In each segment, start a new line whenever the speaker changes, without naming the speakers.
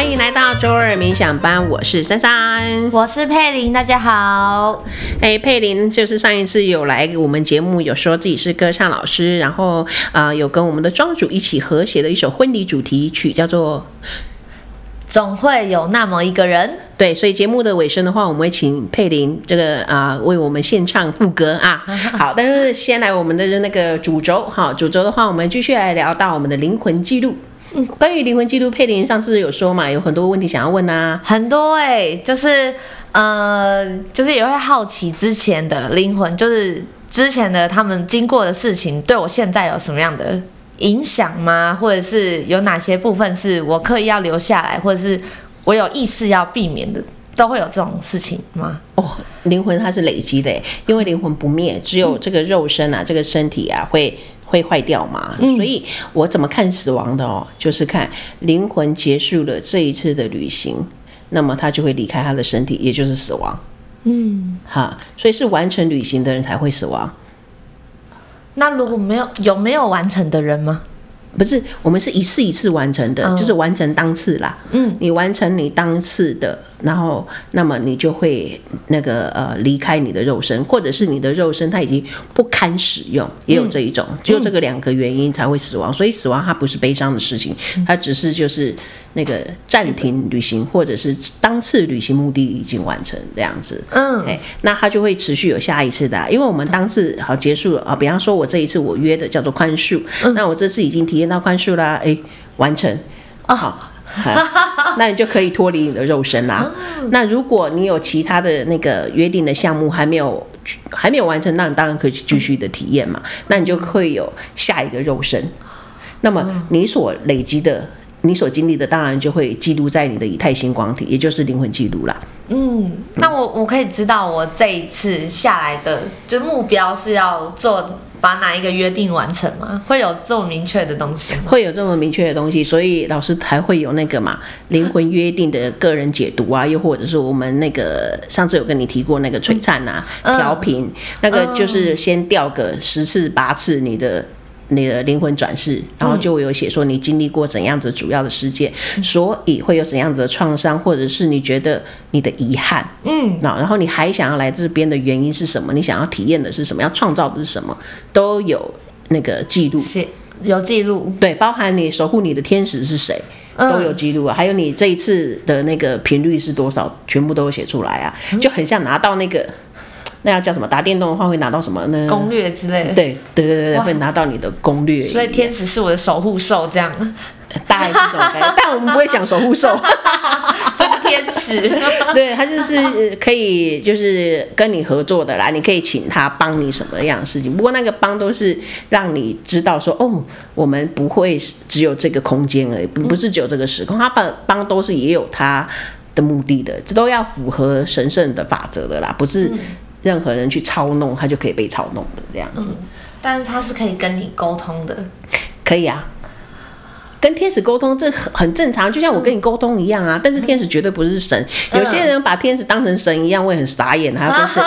歡迎來到周二冥想班，我是33，
我是佩伶，大家好。
哎、欸，佩伶就是上一次有來我們節目，有說自己是歌唱老師，然後啊、呃、有跟我們的莊主一起合寫的一首婚禮主題曲，叫做
《總會有那麼一個人》。對，所以節目的尾
聲的話，我們會請佩伶這個啊、呃、為我們獻唱副歌啊。好，但是先來我們的那個主軸，好，主軸的話，我們繼續來聊到我們的靈魂記錄。
嗯、關於靈魂記錄，佩伶上次有說嘛，有很多問題想要問啊，很多哎、欸，就是呃，就是也會好奇之前的靈魂，就是之前的他們經過的事情，對我現在有什麼樣的影響嗎？或者是有哪些部分是我刻意要留下來，或者是我有意識要避免的，都會有這種事情嗎？哦，靈魂它是累積的、欸，因為靈魂不滅，只有這個肉身
啊，嗯、這個身體啊會。會壞掉嘛？所以我怎麼看死亡的哦、喔，嗯、就是看靈魂結束了這一次的旅行，那麼他就會離開他的身體，也就是死亡。嗯，哈，所以是完成旅行的人才會死亡。那
如果沒有，有沒有完成的人嗎？不是，我們是一次一次完
成的，嗯、就是完成當次啦。嗯，你完成你當次的。然後，那麼你就會那個呃離開你的肉身，或者是你的肉身它已經不堪使用，也有這一種，嗯、就這個兩個原因才會死亡。嗯、所以死亡它不是悲傷的事情，它只是就是那個暫停旅行，嗯、或者是當次旅行目的已經完成這樣子。嗯，那它就會持續有下一次的。啊，因為我們當次好結束了啊。比方說，我這一次我約的叫做寬恕，嗯、那我這次已經體驗到寬恕啦，哎，完成啊。好哦啊、那你就可以脫離你的肉身啦。那如果你有其他的那個約定的項目還沒有還沒有完成，那你當然可以繼續的體驗嘛。嗯、那你就會有下一個肉身。那麼你所累積的、你所經歷的，當然就會記錄在你的乙太星光體，也就是靈魂記錄啦。
嗯，那我我可以知道，我這一次下來的就目標是要做。把哪一個約定完成嗎？會有這麼明確的東西嗎？會
有這麼明確的東西，所以老師才會有那個嘛靈魂約定的個人解讀啊，蛤又或者是我們那個上次有跟你提過那個璀璨啊調頻，那個就是先調個十次八次你的。你的靈魂轉世，然後就會有寫說你經歷過怎樣的主要的世界。嗯、所以會有怎樣子的創傷，或者是你覺得你的遺憾，嗯，那然後你還想要來這邊的原因是什麼？你想要體驗的是什麼？要創造的是什麼？都有那個記錄，是，有記錄，對，包含你守護你的天使是誰，都有記錄啊，嗯、還有你這一次的那個頻率是多少，全部都有寫出來啊，就很像拿到那個。嗯那要叫什麼？打電動的話會拿到什麼呢？攻
略之類的。
對，對對對對哇會拿到你的攻略。所以
天使是我的守護獸，這樣大概是這種概念 但我們不會講守護獸， 就是天使。對，他就是
可以，就是跟你合作的啦。你可以請他幫你什麼樣的事情？不過那個幫都是讓你知道說，哦，我們不會只有這個空間而已，不是只有這個時空。嗯、他幫幫都是也有他的目的的，這都要符合神聖的法則的啦，不是、嗯？任何人去操弄他，就可以被操弄的這樣子，
嗯，但是他是可以跟你溝通的，
可以啊，
跟天使溝
通這很，很正常，就像我跟你溝通一樣啊。嗯、但是天使絕對不是神，嗯、有些人把天使當成神一樣會很傻眼，是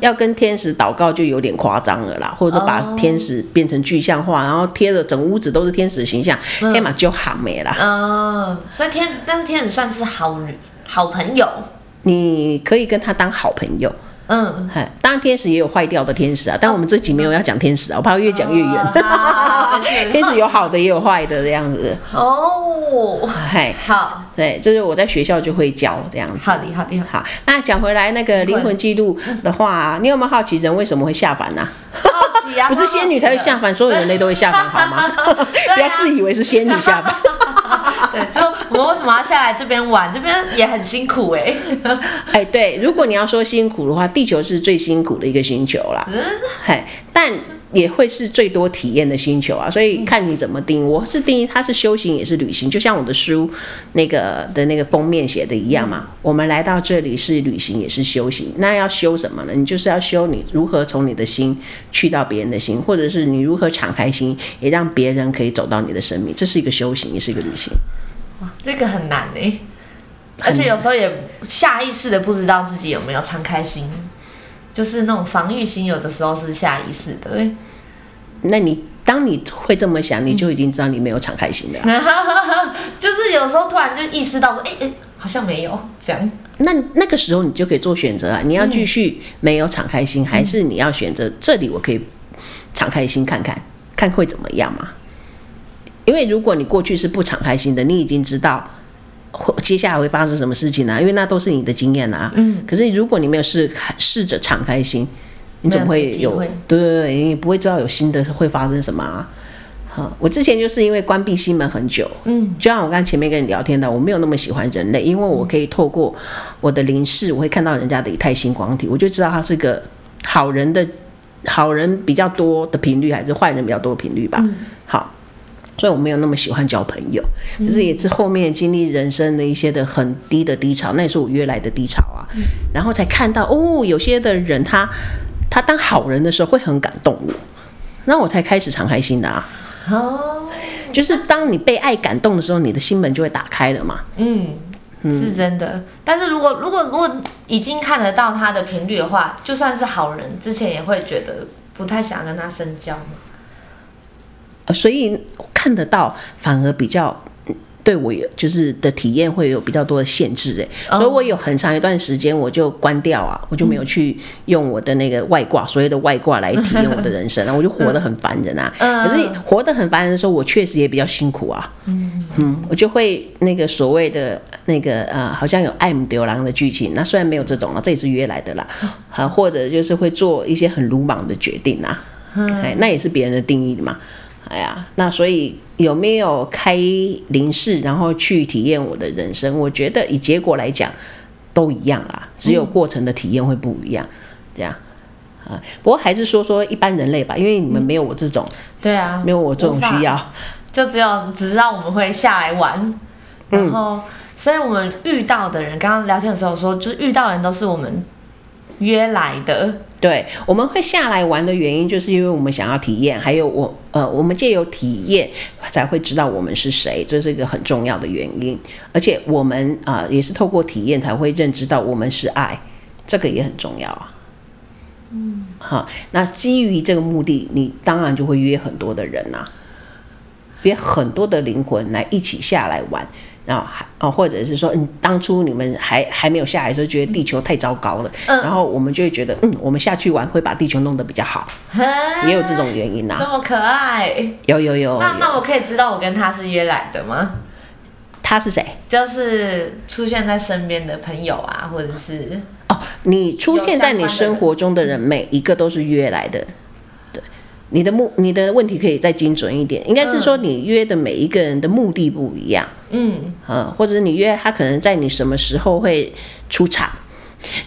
要跟天使禱告就有點誇張了啦，或者說把天使變成具象化，然後貼了整屋子，都是天使形象，嗯、那馬就好美了。嗯，
所以天使，但是天使算是好人好朋友，
你可以跟他當好朋友。嗯，嗨，當然天使也有壞掉的天使啊，但我們這集沒有要講天使啊，我怕會越講越遠。哦、
天使有
好的也有壞的這樣子。哦，
嗨嘿，
好，對，這是我在學校就會教這樣子。好的，好的，好。那講回來那個靈魂記錄的話、啊，嗯、你有沒有好奇人為什麼會下凡呢、啊？
好奇啊，不
是仙女才會下凡，所有人類都會下凡，好嗎？ 不要自以為是仙女下凡。
就我為什麼要下來這邊玩？這邊也很辛苦
哎、欸、 哎，對，如果你要說辛苦的話，地球是最辛苦的一個星球啦。嘿、嗯，但也會是最多體驗的星球啊，所以看你怎麼定義。我是定義它是修行也是旅行，就像我的書那個的那個封面寫的一樣嘛。嗯、我們來到這裡是旅行也是修行，那要修什麼呢？你就是要修你如何從你的心去到別人的心，或者是你如何敞開心，也讓別人可以走到你的生命。這是一個修行，也是一個旅行。嗯
這個很難誒、欸，而且有時候也下意識的不知道自己有沒有敞開心，難就是那種防禦心，有的時候是下意識的、欸。
那你當你會這麼想，你就已經知道你沒有敞開心
了。嗯、 就是有時候突然就意識到說，哎、欸、哎、欸，好像沒有這樣。
那那個時候你就可以做選擇啊，你要繼續沒有敞開心，嗯、還是你要選擇這裡我可以敞開心看看，看會怎麼樣嘛？因為如果你過去是不敞開心的，你已經知道會接下來會發生什麼事情了、啊，因為那都是你的經驗了啊。嗯。可是如果你沒有試試着敞開心，
你怎麼會有？有會
對對對，你不會知道有新的會發生什麼啊。好，我之前就是因為關閉心門很久，嗯，就像我剛前面跟你聊天的，我沒有那麼喜歡人類，因為我可以透過我的靈視，我會看到人家的乙太星光體，我就知道他是個好人的好人比較多的頻率，還是壞人比較多的頻率吧。嗯、好。所以我沒有那麼喜歡交朋友，
嗯、可是也是
後面經歷人生的一些的很低的低潮，嗯、那也是我約來的低潮啊。嗯、然後才看到哦，有些的人他他當好人的時候會很感動我，那我才開始敞開心的啊。哦，就是當你被愛感動的時候，啊、你的心門就會打開了嘛。嗯，嗯是真
的。但是如果如果如果已經看得到他的頻率的話，就算是好人，之前也會覺得不太想跟他深交嘛。
所以看得到，反而比較對我有就是的體驗會有比較多的限制哎、欸，所以我有很長一段時間我就關掉啊，我就沒有去用我的那個外掛，所謂的外掛來體驗我的人生，我就活得很煩人啊。可是活得很煩人的時候，我確實也比較辛苦啊。嗯，我就會那個所謂的那個呃、啊，好像有愛慕丟郎的劇情，那雖然沒有這種了、啊，這也是約來的啦。啊，或者就是會做一些很魯莽的決定啊，
哎，那
也是別人的定義嘛。哎呀，那所以有沒有開靈視，然後去體驗我的人生？我覺得以結果來講，都一樣啊，只有過程的體驗會不一樣。嗯、這樣啊，不過還是說說一般人類吧，因為你們沒有我這種，
對啊、嗯，
沒有我這種需要，啊、
就只有只知道我們會下來玩，嗯、然後，所以我們遇到的人，剛剛聊天的時候說，就是遇到的人都是我們。約來的，
對，我們會下來玩的原因，就是因為我們想要體驗，還有我，呃，我們借由體驗才會知道我們是誰，這是一個很重要的原因。而且我們啊、呃，也是透過體驗才會認知到我們是愛，這個也很重要啊。嗯，好，那基於這個目的，你當然就會約很多的人吶、啊，約很多的靈魂來一起下來玩。然後，還啊、哦哦，或者是說，嗯，當初你們還還沒有下來的時候，覺得地球太糟糕了，嗯，然後我們就會覺得，嗯，我們下去玩會把地球弄得比較好，也，嘿，有這種原因吶、啊，這
麼可愛，有
有有，有有，那那我
可以知道我跟他是約來的嗎？他是誰？就是出現在身邊的朋友啊，或者是哦，
你出現在你生活中的人，每一個都是約來的。你的目，你的問題可以再精準一點，應該是說你約的每一個人的目的不一樣，嗯，啊、嗯，或者你約他可能在你什麼時候會出場，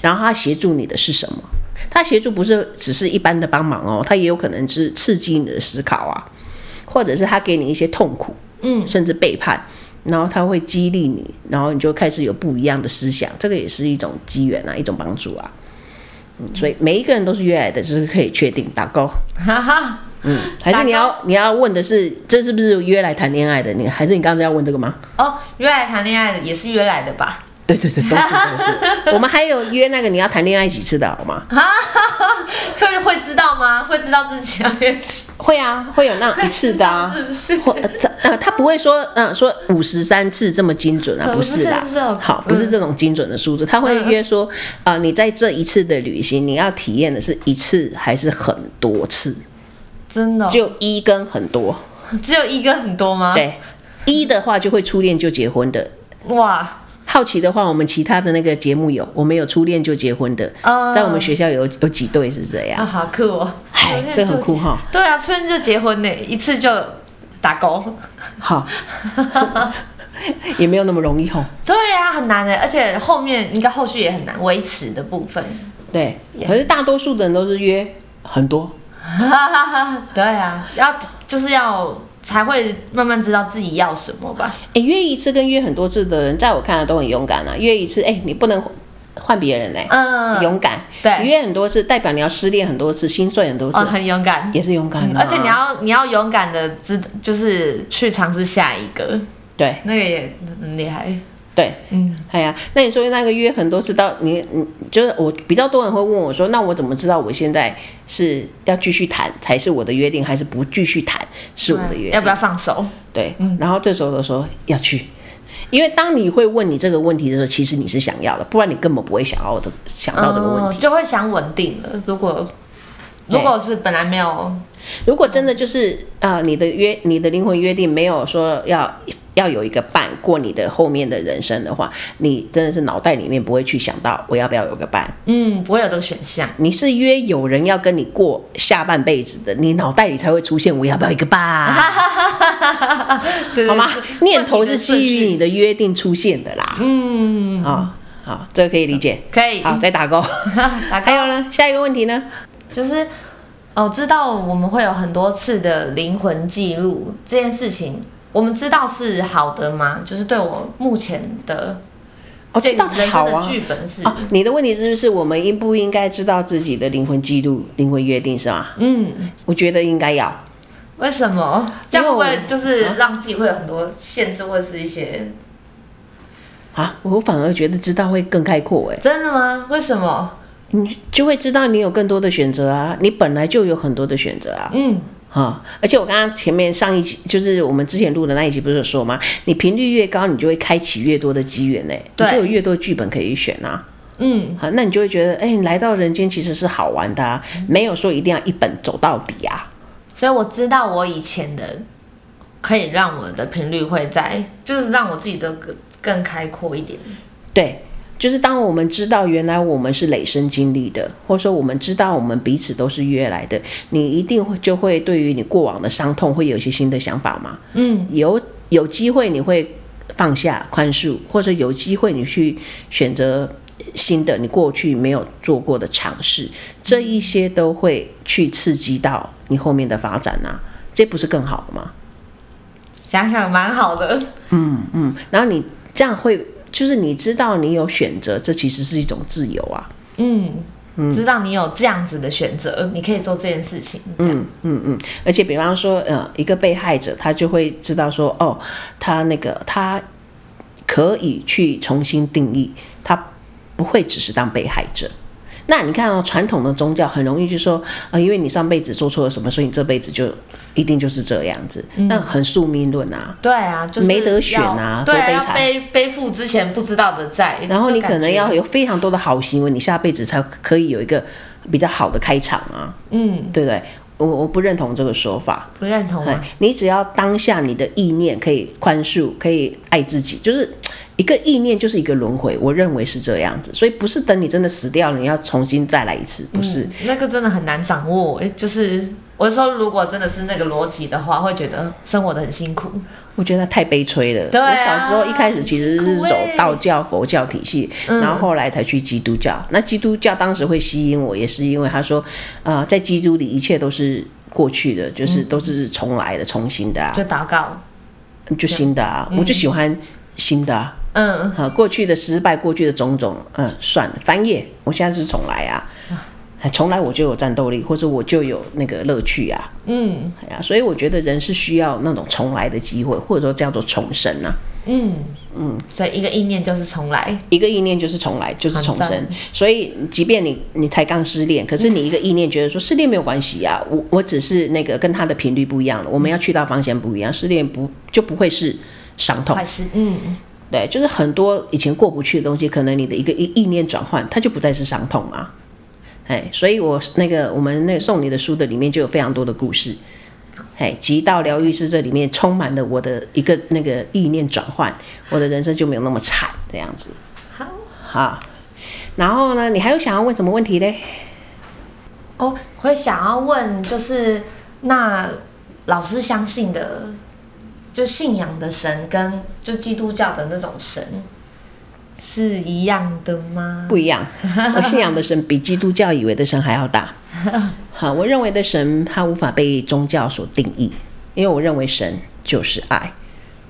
然後他協助你的是什麼？他協助不是只是一般的幫忙哦，他也有可能是刺激你的思考啊，或者是他給你一些痛苦，嗯，甚至背叛，然後他會激勵你，然後你就開始有不一樣的思想，這個也是一種機緣啊，一種幫助啊。嗯，所以每一個人都是約來的，只、就是可以確定，打勾。哈哈，嗯，還是你要你要問的是，這是不是約來談戀愛的？你還是你剛才要問這個嗎？
哦，約來談戀愛的也是約來的吧。
對對對，都是
都是。 我們還有約那個
你要談戀愛幾次的好嗎？
客會 會知道嗎？會知道自己要、啊、約
會啊，會有那一次的啊。是 不是？他、呃、他、呃呃、不會說嗯、呃、說五十三次這麼精準啊，不是的。 嗯、好，不是這種精準的數字。他會約說啊、呃，你在這一次的旅行，你要體驗的是一次還是很多次？真的、
哦？就一跟很多？只有一跟很多嗎？對，一的話就會初
戀就結婚的。 哇。好奇的話，我們其他的那個節目有，我們有初戀就結婚的，嗯、在我們學校有有幾對是這樣啊，
哦、好酷、cool、哦！哎、欸， 這很酷哈，對啊，初戀就結婚呢，一次就打工，
好， 也沒有那麼容易吼。
對啊，很難的，而且後面應該後續也很難維持的部分。
對，
可是大多數的人都是約很多， 對啊，要就是要。才會慢慢知道自己要什麼吧。哎、欸，約一
次跟約很多次的人，在我看來都很勇敢啊。約一次，哎、欸，你不能換別人嘞，
嗯、勇敢。
對，約很多次，代表你要失戀很多次，心碎很多次，嗯、很勇敢，也是勇敢，啊嗯。而且你要
你要勇敢的知，就是去嘗試下一個。對，那個也很，嗯、厲害。
對，嗯，哎呀，那你說那個約很多次到你，你就是我比較多人會問我說，那我怎麼知道我現在是要繼續談才是我的約定，還是不繼續談是我的約定、嗯？要不要放手？對，嗯，然後這時候都說要去，因為當你會問你這個問題的時候，其實你是想要的，不然你根本不會想要的想到這個問題，嗯、
就會想穩定了。如果如果是本來沒有。如
果真的就是啊、嗯呃，你的約、你的靈魂約定沒有說要要有一個伴過你的後面的人生的話，你真的是腦袋裡面不會去想到我要不要有個伴，
嗯，不會有這個
選項。你是約有人要跟你過下半輩子的，你腦袋裡才會出現我要不要一個
伴，好嗎？
念頭是基於你的約定出現的啦。
嗯，
好、哦，好，這個可以理解，可以。好，再打
勾， 打勾。還有呢？下一個問題呢？就是。哦，知道我們會有很多次的靈魂記錄這件事情，我們知道是好的嗎？就是對我目前的，的是，我、哦、知道的好的劇本。是你的問題是不是
我們應不應該知道自己的靈魂記錄、靈魂約定是吧？嗯，我覺得應該要。
為什麼？這樣會不會就是讓自己會有很多限制，或是一些
啊？我反而覺得知道會更開闊哎、欸，
真的嗎？為什麼？
你就會知道你有更多的選擇啊！你本來就有很多的選擇啊！嗯，啊，而且我剛剛前面上一集就是我們之前錄的那一集，不是有說嗎？你頻率越高，你就會開啟越多的機緣呢、欸，對你就有越多劇本可以選啊！
嗯，
好，那你就會覺得，哎，來到人間其實是好玩的、啊，嗯、沒有說一定要一本走到底啊！
所以我知道我以前的可以讓我的頻率會在，就是讓我自己的更更開闊一點。
對。就是當我們知道原來我們是累生經歷的，或者說我們知道我們彼此都是約來的，你一定會就會對於你過往的傷痛會有一些新的想法嗎？嗯，有有機會你會放下寬恕，或者有機會你去選擇新的你過去沒有做過的嘗試，這一些都會去刺激到你後面的發展啊。這不是更好的嗎？
想想蠻好的。嗯
嗯，然後你這樣會。就是你知道你有選擇，這其實是一種自由啊。嗯，
嗯，知道你有這樣子的選擇，你可以做這件事情這
樣嗯。嗯嗯嗯，而且比方說，呃，一個被害者他就會知道說，哦，他那個他可以去重新定義，他不會只是當被害者。那你看哦，傳統的宗教很容易就說，呃，因為你上輩子做錯了什麼，所以你這輩子就。一定就是這樣子，那、嗯、很宿命論啊，
對啊，就是、沒得選啊，對，啊對啊，要背背負之前不知道的債， 然後你可能要有
非常多的好行為，你下輩子才可以有一個比較好的開場啊，嗯，對不對，對？我我不認同這個說法，
不認同啊、嗯，
你只要當下你的意念可以寬恕，可以愛自己，就是。一個意念就是一個輪迴，我認為是這樣子，所以不是等你真的死掉了，你要重新再來一次，不是、
嗯、那個真的很難掌握。欸、就是我就說，如果真的是那個邏輯的話，會覺得生活的很辛苦。
我覺得太悲催了。啊、我小時候一開始其實是走道教、欸、佛教體系，然後後來才去基督教。嗯、那基督教當時會吸引我，也是因為他說，啊、呃，在基督裡一切都是過去的，就是都是重來的、重新的、啊，嗯、就禱告，就新的啊，嗯、我就喜歡新的、啊。嗯，好，過去的失敗，過去的種種，嗯，算了，翻頁，我現在是重來啊，啊、重來我就有戰鬥力，或者我就有那個樂趣啊，嗯，哎呀、啊，所以我覺得人是需要那種重來的機會，或者說叫做重生啊，嗯嗯，嗯，所以一個意念就是重來，一個意念就是重來，就是重生。所以，即便你你才剛失戀，可是你一個意念覺得說失戀沒有關係啊，嗯、我我只是那個跟他的頻率不一樣了，我們要去到方向不一樣，失戀不就不會是傷痛，還是嗯。對，就是很多以前過不去的東西，可能你的一個意意念轉換，它就不再是傷痛啊。哎，所以我那個我們那個送你的書的裡面就有非常多的故事。哎，極道療癒師這裡面充滿了我的一個那個意念轉換，我的人生就沒有那麼慘這樣子。好，好。然後呢，你還有想
要問什麼問題嘞？哦，會想要問就是那老師相信的。就信仰的神跟就基督教的那種神是一樣的嗎？不一
樣，我信仰的神比基督教以為的神還要大。 好，我認為的神他無法被宗教所定義，因為我認為神就是愛，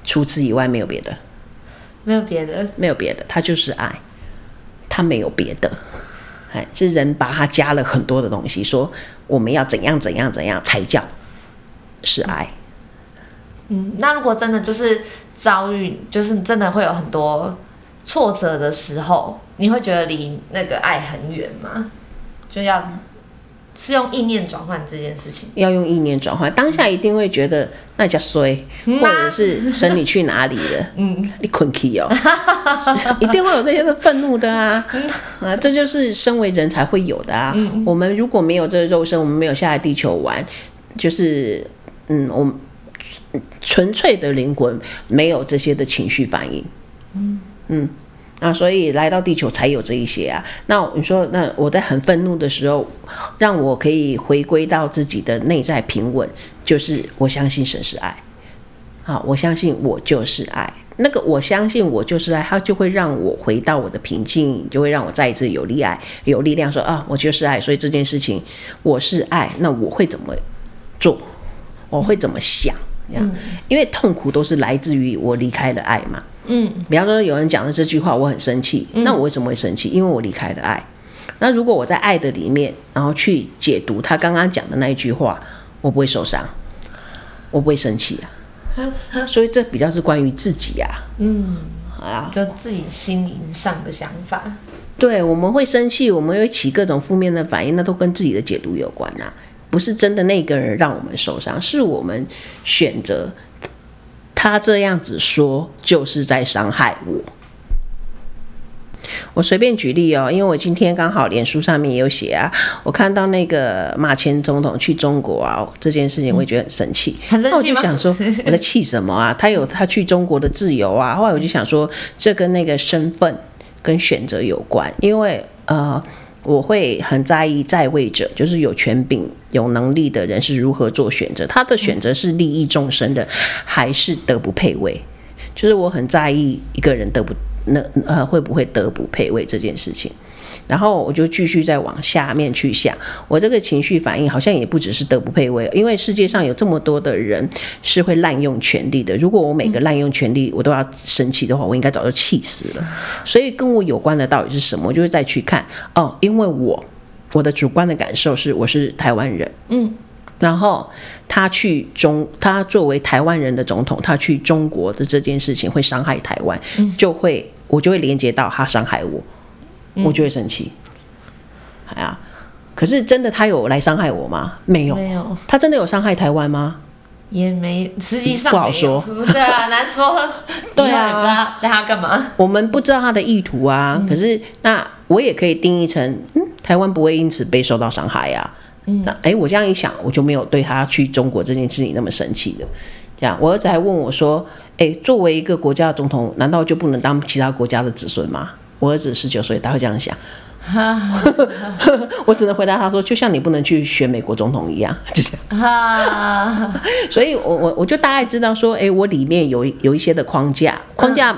除此以外沒有別的，
沒有別的，
沒有別的，他就是愛，他沒有別的。哎，是人把他加了很多的東西，說我們要怎樣怎樣怎樣才叫是愛。嗯
嗯，那如果真的就是遭遇，就是真的會有很多挫折的時候，你會覺得離那個愛很遠嗎？就要是用意念轉換這件事情，要用意
念轉換，當下一定會覺得那叫衰，或者是神你去哪裡
了？
嗯，你困 key 哦，一定會有這些的憤怒的啊、嗯、啊，這就是身為人才會有的啊。嗯、我們如果沒有這個肉身，我們沒有下來地球玩，就是嗯，我。純粹的靈魂沒有這些的情緒反應，嗯嗯，啊，所以來到地球才有這一些啊。那你說，那我在很憤怒的時候，讓我可以回歸到自己的內在平穩，就是我相信神是愛，好，啊，我相信我就是愛。那個我相信我就是愛，它就會讓我回到我的平靜，就會讓我再一次有力愛，有力量說啊，我就是愛。所以這件事情，我是愛，那我會怎麼做？我會怎麼想？嗯因為痛苦都是來自於我離開了愛嘛。嗯，比方說有人講的這句話，我很生氣。嗯、那我為什麼會生氣？因為我離開了愛。那如果我在愛的裡面，然後去解讀他剛剛講的那一句話，我不會受傷，我不會生氣啊。
所以這
比較是關於自己啊。
嗯，好啊，就自己心靈上的想法。
對，我們會生氣，我們會起各種負面的反應，那都跟自己的解讀有關吶、啊。不是真的那個人讓我們受傷，是我們選擇他這樣子說，就是在傷害我。我隨便舉例哦、喔，因為我今天剛好臉書上面也有寫啊，我看到那個馬前總統去中國啊，這件事情，我也覺得很生氣、嗯，很生氣嗎？那我就想說我在氣什麼啊？他有他去中國的自由啊。後來我就想說，這跟那個身份跟選擇有關，因為呃。我會很在意在位者，就是有權柄、有能力的人是如何做選擇。他的選擇是利益眾生的，還是德不配位？就是我很在意一個人德不那呃會不會德不配位這件事情。然後我就繼續再往下面去想，我這個情緒反應好像也不只是德不配位，因為世界上有這麼多的人是會濫用權力的。如果我每個濫用權力我都要生氣的話，我應該早就氣死了。所以跟我有關的到底是什麼？我就會再去看哦，因為我我的主觀的感受是我是台灣人，嗯，然後他去中，他作為台灣人的總統，他去中國的這件事情會傷害台灣，就會我就會連接到他傷害我。我就會生氣，嗯、哎呀，可是真的他有來傷害我嗎？沒有，沒有。他真的有傷害台灣嗎？
也沒，實際上不好說。 對啊，難說。對啊，你不知道帶他幹嘛？
我們不知道他的意圖啊。嗯、可是那我也可以定義成，嗯，台灣不會因此被受到傷害啊。嗯，那哎、欸，我這樣一想，我就沒有對他去中國這件事情那麼生氣的。這樣，我兒子還問我說：“哎、欸，作為一個國家的總統，難道就不能當其他國家的子孫嗎？”我兒子十九歲，他會這樣想， 我只能回答他說，就像你不能去選美國總統一樣，就
這
樣。 所以我，我我我就大概知道說，哎、欸，我裡面有一有一些的框架，框架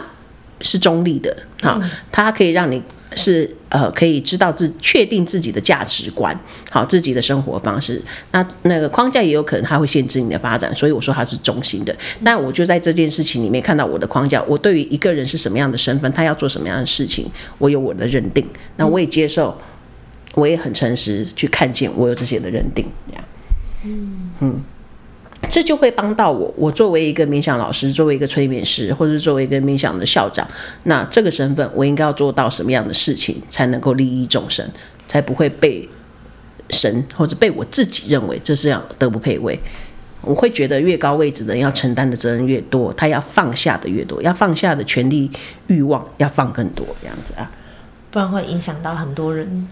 是中立的，哈，它可以讓你。是呃，可以知道自確定自己的價值觀，好自己的生活方式。那那個框架也有可能它會限制你的發展，所以我說它是中心的。但我就在這件事情裡面看到我的框架，我對於一個人是什麼樣的身份，他要做什麼樣的事情，我有我的認定。那我也接受，我也很誠實去看見我有這些的認定，這樣。嗯。這就會幫到我。我作為一個冥想老師，作為一個催眠師，或者是作為一個冥想的校長，那這個身份，我應該要做到什麼樣的事情，才能夠利益眾生，才不會被神或者被我自己認為這是要德不配位？我會覺得，越高位置的人要承擔的責任越多，他要放下的越多，要放下的權力欲望要放更多，這樣子啊，
不然會影響到很多人。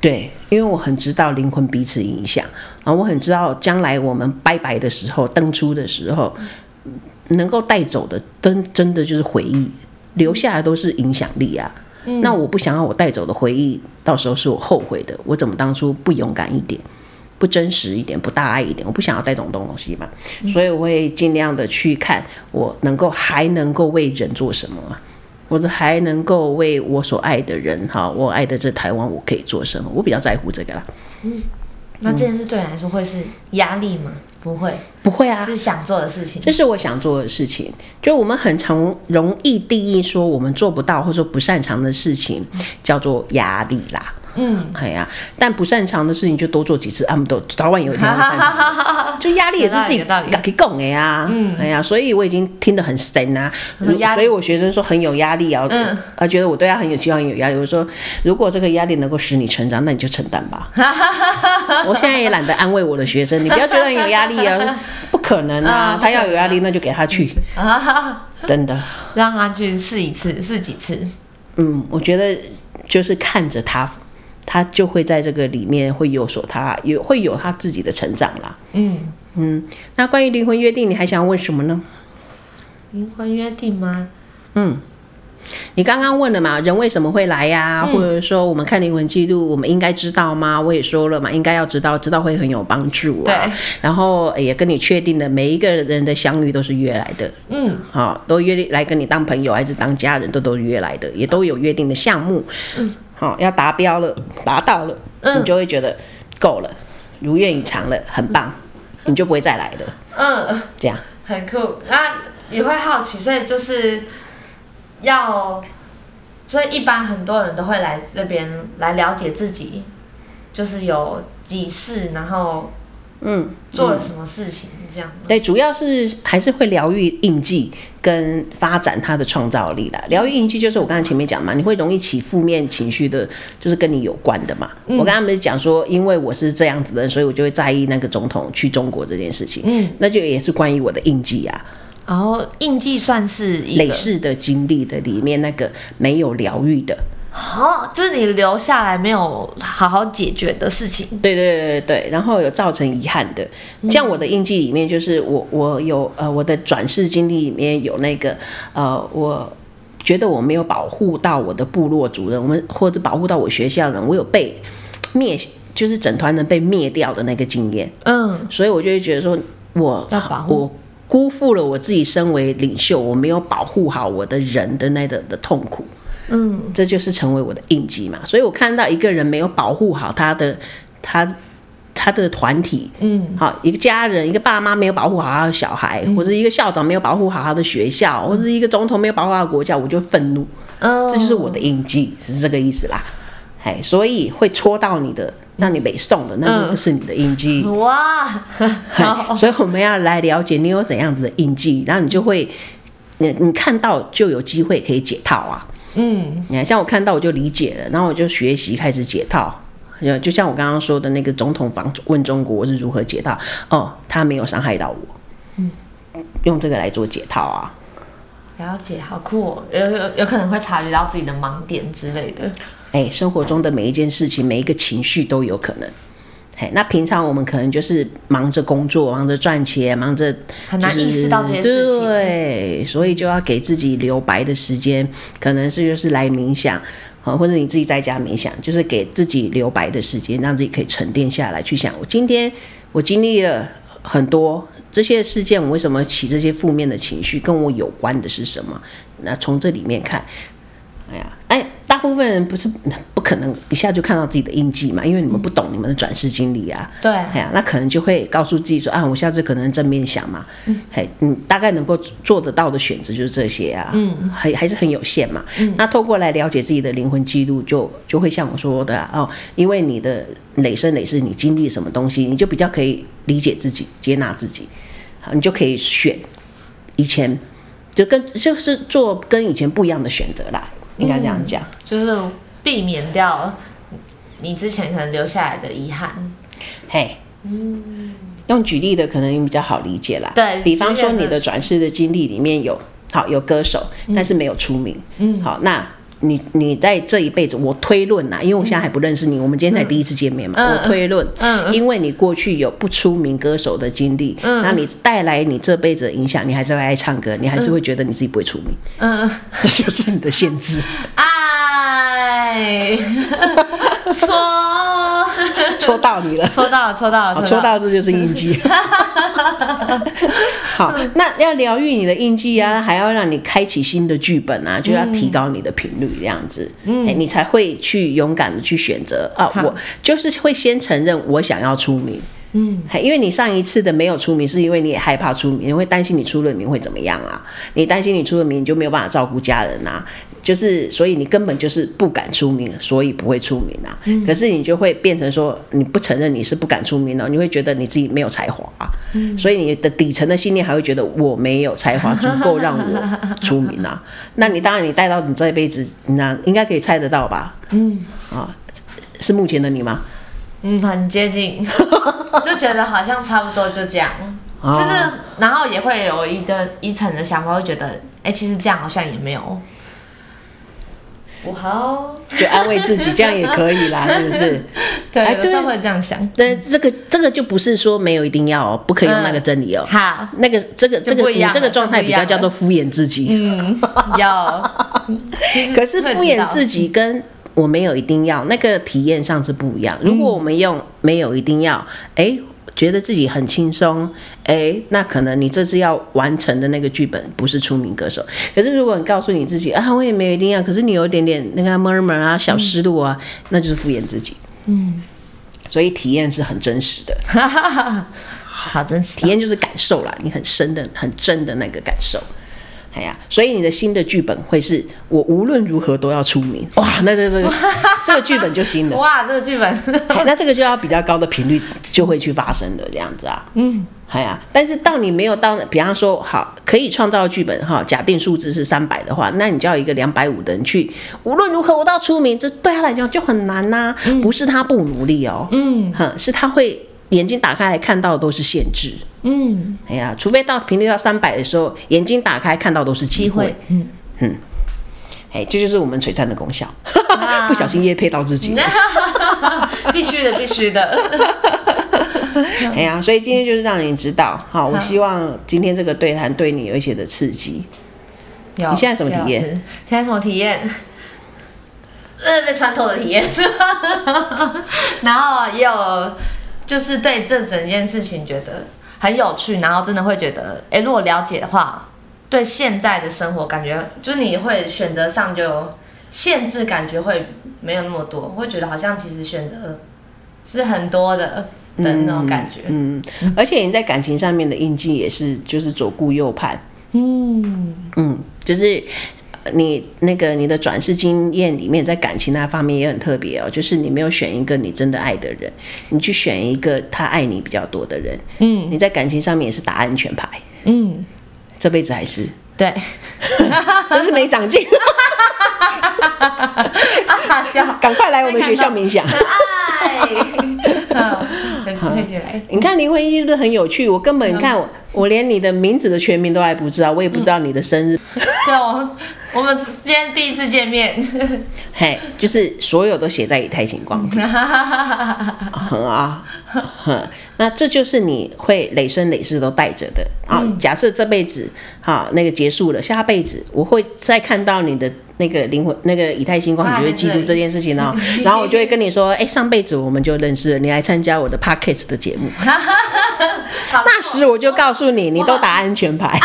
對，因為我很知道靈魂彼此影響啊，我很知道將來我們拜拜的時候、登出的時候，能夠帶走的真真的就是回憶，留下來都是影響力啊。嗯。那我不想要我帶走的回憶，到時候是我後悔的。我怎麼當初不勇敢一點、不真實一點、不大愛一點？我不想要帶這種東西嘛，所以我會盡量的去看我能夠還能夠為人做什麼啊。我還能夠為我所愛的人，哈，我愛的這台灣，我可以做什麼？我比較在乎這個啦。嗯，那
這件事對你來說會是壓力嗎？不會，
不會啊，是想做的事情。這是我想做的事情。就我們很常容易定義說我們做不到，或者說不擅長的事情，叫做壓力啦。嗯，哎呀、啊，但不擅長的事情就多做幾次，阿木都早晚有一天會擅長。
就壓力也是自己
自己，自己講的呀、啊。嗯，呀、啊，所以我已經聽得很神啊、嗯。所以，我學生說很有壓力啊，嗯，我覺得我對他很有希望，有壓力。我說，如果這個壓力能夠使你成長，那你就承擔吧。啊、哈哈
哈哈，我現在
也懶得安慰我的學生，你不要覺得很有壓力啊，不可能啊。不可能啊，他要有壓力，那就給他去啊，真的，
讓他去試一次，試幾次。
嗯，我覺得就是看着他。他就會在這個裡面會有所，他也會有他自己的成長啦。嗯嗯，那關於靈魂約定，你還想問什麼呢？
靈魂約定嗎？
嗯，你剛剛問了嘛，人為什麼會來呀、啊？嗯、或者說我們看靈魂記錄，我們應該知道嗎？我也說了嘛，應該要知道，知道會很有幫助啊。對。然後也跟你確定了，每一個人的相遇都是約來的。
嗯。
好，都約來跟你當朋友還是當家人，都都是約來的，也都有約定的項目。嗯。好、哦，要達標了，達到了，嗯、你就會覺得夠了，如願以償了，很棒，嗯、你就不會再來
了。嗯，這樣很酷。那、啊、也會好奇，所以就是要，所以一般很多人都會來這邊來了解自己，就是有幾次然後。
嗯，做了什麼事情是、嗯、這樣？對，主要是還是會療癒印記跟發展他的創造力啦。療癒印記就是我剛才前面講嘛，你會容易起負面情緒的，就是跟你有關的嘛。嗯、我剛剛不是講說，因為我是這樣子的人，所以我就會在意那個總統去中國這件事情。嗯，那就也是關於我的印記啊。然
後、哦、印記算是累世
的經歷的裡面那個沒有療癒的。
好，oh, 就是你留下來沒有
好好解決的事情，對對對對對，然後有造成遺憾的，像我的印記裡面，就是我我有呃我的轉世經歷裡面有那個呃，我覺得我沒有保護到我的部落族人，我們或者保護到我學校人，我有被滅，就是整團人被滅掉的那個經驗，嗯，所以我就會覺得說我，我我辜負了我自己身為領袖，我沒有保護好我的人的那個的痛苦。嗯，這就是成為我的印記嘛。所以我看到一個人沒有保護好他的，他他的團體，嗯，好、哦，一個家人，一個爸媽沒有保護好他的小孩，嗯、或者一個校長沒有保護好他的學校，嗯、或者一個總統沒有保護好他的國家，我就憤怒。嗯、哦，這就是我的印記，是這個意思啦。哎，所以會戳到你的，讓你被送的，嗯、那個是你的印記。呃、哇，好，所以我們要來了解你有怎樣子的印記，然後你就會，你你看到就有機會可以解套啊。嗯，你看，像我看到我就理解了，然後我就學習開始解套，就像我剛剛說的那個總統訪問中國是如何解套哦，他沒有傷害到我，嗯，用這個來做解套啊，
了解，好酷哦，有有有可能會察覺到自己的盲點之類的，
哎，生活中的每一件事情，每一個情緒都有可能。那平常我們可能就是忙着工作，忙着賺錢，忙着、就是、很難意識到這件事情。對、欸，所以就要給自己留白的時間，可能是就是來冥想，嗯、或者你自己在家冥想，就是給自己留白的時間，讓自己可以沉澱下來，去想我今天我經歷了很多這些事件，我為什麼起這些負面的情緒？跟我有關的是什麼？那從這裡面看，哎呀。大部分人不是不可能一下就看到自己的印記嘛？因為你們不懂你們的轉世經歷啊，對、嗯，哎呀、啊，那可能就會告訴自己說啊，我下次可能正面想嘛，嗯，嘿，你大概能夠做得到的選擇就是這些啊，嗯，還還是很有限嘛，嗯，那透過來了解自己的靈魂記錄，就就會像我說的、啊、哦，因為你的累生累世，你經歷什麼東西，你就比較可以理解自己、接納自己，好，你就可以選以前就跟就是做跟以前不一樣的選擇啦。應該這樣講、
嗯，就是避免掉你之前可能留下來的遺憾。嘿，嗯，
用舉例的可能比較好理解啦。對，比方說，你的轉世的經歷裡面有、嗯、好有歌手，但是沒有出名。嗯，好，那。你你在這一輩子，我推論吶，因為我現在還不認識你，我們今天才第一次見面嘛。嗯、我推論，嗯、因為你過去有不出名歌手的經歷，嗯、那你帶來你這輩子的影響，你還是會愛唱歌，你還是會覺得你自己不會出名。嗯，
嗯嗯這就是你的限制。 愛。戳戳，戳 到你了，戳到，到，到，戳到，戳到，這就是印記。嗯
好，那要療癒你的印記啊，嗯、還要讓你開啟新的劇本啊，就要提高你的頻率這樣子，嗯，你才會去勇敢的去選擇、嗯、啊。我就是會先承認我想要出名，嗯，因為你上一次的沒有出名，是因為你也害怕出名，你會擔心你出了名會怎麼樣啊？你擔心你出了名你就沒有辦法照顧家人啊。就是，所以你根本就是不敢出名，所以不會出名啊。嗯、可是你就會變成說，你不承認你是不敢出名了。喔，你會覺得你自己沒有才華。啊，嗯、所以你的底層的信念還會覺得我沒有才華足夠讓我出名啊。 那你當然你帶到你這一輩子，那應該可以猜得到吧？
嗯。
啊，是目前的你嗎？
嗯，很接近， 就覺得好像差不多就這樣。哦、就是，然後也會有一個一層的想法，會覺得，哎、欸，其實這樣好像也沒有。我好，就安慰自己， 這樣也可以啦， 是不是？
對，對唉有時
候會這樣想。
但對、嗯、這個，這個就不是說沒有一定要、喔，不可以用那個真理哦、喔。好、
嗯，那個，好這個，嗯、這個，你這個狀態比較叫
做敷衍自己。
嗯，要。其實，可是敷衍自己
跟我沒有一定要那個體驗上是不一樣。如果我們用沒有一定要，哎、欸。覺得自己很輕鬆，誒、欸，那可能你這次要完成的那個劇本不是出名歌手。可是如果你告訴你自己啊，我也沒有一定要，可是你有一點點那個 murmur 啊，小失落啊，嗯、那就是敷衍自己。嗯，所以體驗是很真實的，哈哈哈哈好真實、啊。體驗就是感受啦，你很深的、很真的那個感受。呀，所以你的新的劇本會是我無論如何都要出名，哇，那這個 這個劇本就新了，
哇，這個劇本
那這個就要比較高的頻率就會去發生的這樣子啊，
嗯，
哎呀，但是到你沒有到，比方說好可以創造劇本哈，假定數字是三百的話，那你叫一個兩百五的人去，無論如何我到出名，這對他來講就很難吶，啊，嗯，不是他不努力哦，嗯，哼，是他會。眼睛打開來看到都是限制，嗯，哎呀，除非到頻率到三百的時候，眼睛打開看到都是機會，會，嗯嗯，哎、欸，這就，就是我們璀璨的功效，啊、不小心業配到自己
了、啊，必須的必須的，
哎呀、啊，所以今天就是讓你知道，好、嗯啊，我希望今天這個對談對你有一些的刺激，啊、你現在什麼體驗？
有現在什麼體驗？呃，被穿透的體驗， 然後、啊、也有。就是對這整件事情覺得很有趣，然後真的會覺得，誒、欸。如果了解的話，對現在的生活感覺，就你會選擇上就限制，感覺會沒有那麼多，會覺得好像其實選擇是很多的
的那種感覺，嗯。嗯，而且你在感情上面的印記也是，就是左顧右盼，
嗯
嗯，就是。你那個你的轉世經驗裡面，在感情那方面也很特別哦，就是你沒有選一個你真的愛的人，你去選一個他愛你比較多的人。嗯，你在感情上面也是打安全牌。
嗯，
這輩子還是對，
真
是沒長進。哈哈哈哈哈！哈哈笑，趕快來我們學校冥想。
嗨，很好，謝謝。來。你看
林慧一是很有趣？我根本看我，我連你的名字的全名都還不知道，我也不知道你的生日。
對哦。我們今天
第一次見面，嘿，就是所有都寫在以太星光，很啊，那這就是你會累生累世都帶着的啊。Oh, 嗯、假設這輩子啊、oh, 那個結束了，下輩子我會再看到你的那個靈魂，那個以太星光，啊、你就會記住這件事情哦。啊、然後我就會跟你說，哎、欸，上輩子我們就認識了，你來參加我的 podcast 的節目， 好的那時我就告訴你，你都打安全牌。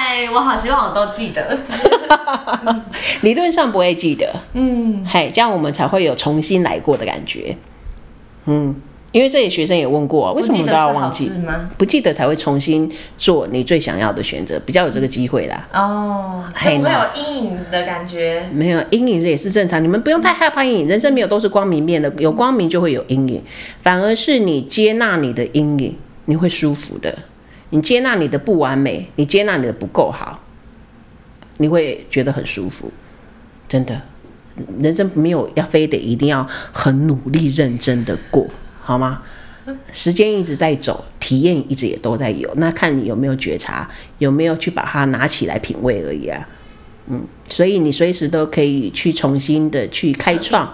哎，我好希望我都記得。
哈， 理論上不會記得，嗯，
嘿，這
樣我們才會有重新來過的感覺，嗯，因為這些學生也問過，啊，為什麼都要忘記？不記得是好事嗎？不記得才會重新做你最想要的選擇，比較有這個機會啦。
哦，會不會有陰影的感覺
？Hey, 沒有陰影也是正常，你們不用太害怕陰影，人生沒有都是光明面的，有光明就會有陰影，反而是你接納你的陰影，你會舒服的。你接納你的不完美，你接納你的不夠好。你會覺得很舒服，真的，人生沒有要非得一定要很努力認真的過，好嗎？時間一直在走，體驗一直也都在有，那看你有沒有覺察，有沒有去把它拿起來品味而已啊。嗯，所以你隨時都可以去重新的去開創，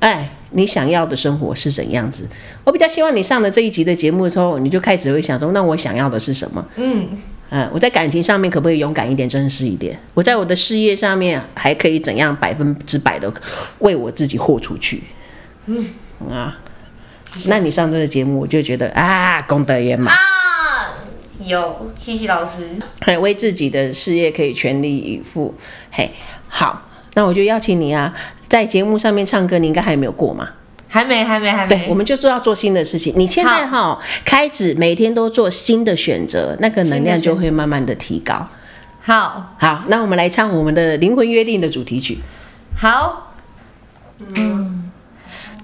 哎，你想要的生活是怎樣子？我比較希望你上了這一集的節目之後，你就開始會想說，那我想要的是什麼？嗯。嗯，我在感情上面可不可以勇敢一點、真實一點？我在我的事業上面還可以怎樣百分之百的為我自己豁出去？嗯，嗯啊，謝謝，那你上這個節目，我就覺得啊，功德圓滿。
有，謝謝老師，
還為自己的事業可以全力以赴。嘿，好，那我就邀請你啊，在節目上面唱歌，你應該還沒有過嘛？
還沒，還沒，還沒。對，我們
就是要做新的事情。你現在哈好開始每天都做新的選擇，那個能量就會慢慢的提高。好好，那我們來唱我們的靈魂約定的主題曲。
好，嗯，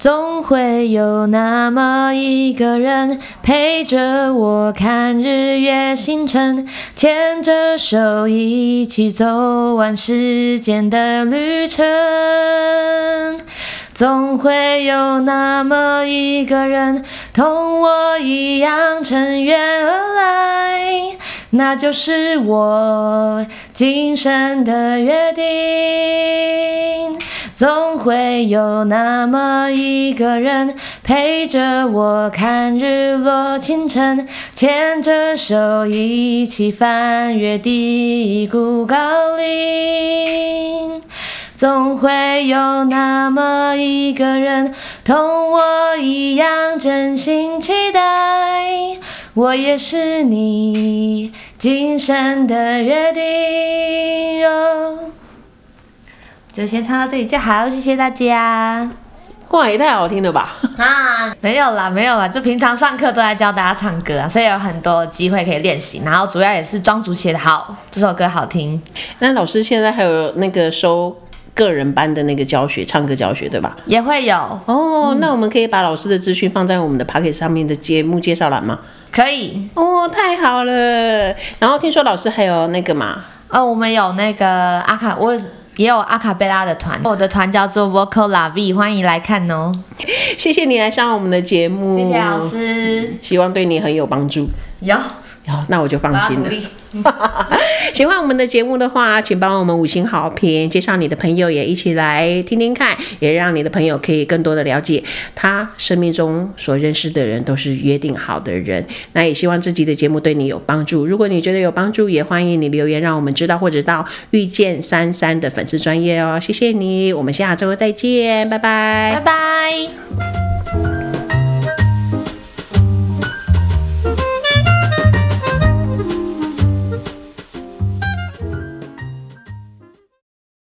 總會有那麼一個人，陪着我看日月星辰，牽着手一起走完時間的旅程。總會有那麼一個人，同我一樣乘願而來，那就是我今生的約定。總會有那麼一個人，陪着我看日落清晨，牽着手一起翻越低谷高嶺。總會有那麼一個人，同我一樣真心期待。我也是你今生的約定。哦，就先唱到這裡就好，謝謝大家。哇，也太好聽了吧！啊，沒有啦，沒有啦，就平常上課都在教大家唱歌啊，所以有很多機會可以練習。然後主要也是莊主寫的好，這首歌好聽。那老師現在還有那個收。
個人班的那個教學，唱歌教學，對吧？
也會有哦。嗯、那我們可以把老
師的資訊放在我們的 podcast 上面的節目介紹欄嗎？可以哦，太好了。然後聽說老師還有那個嘛？
哦，我們有那個阿卡，我也有阿卡貝拉的團，我的團叫做 Vocal Labi，歡迎來看哦。謝謝你來
上我們的節目，謝謝老師。嗯，希望對你很有幫助。有。哦，那我就放心了。 喜歡我們的節目的話，請幫我們五星好評，介紹你的朋友也一起來聽聽看，也讓你的朋友可以更多的了解他生命中所認識的人都是約定好的人。那也希望這集的節目對你有幫助。如果你覺得有幫助，也歡迎你留言讓我們知道，或者到遇見三三的粉絲專頁哦。謝謝你，我們下周再見，拜拜，
拜拜。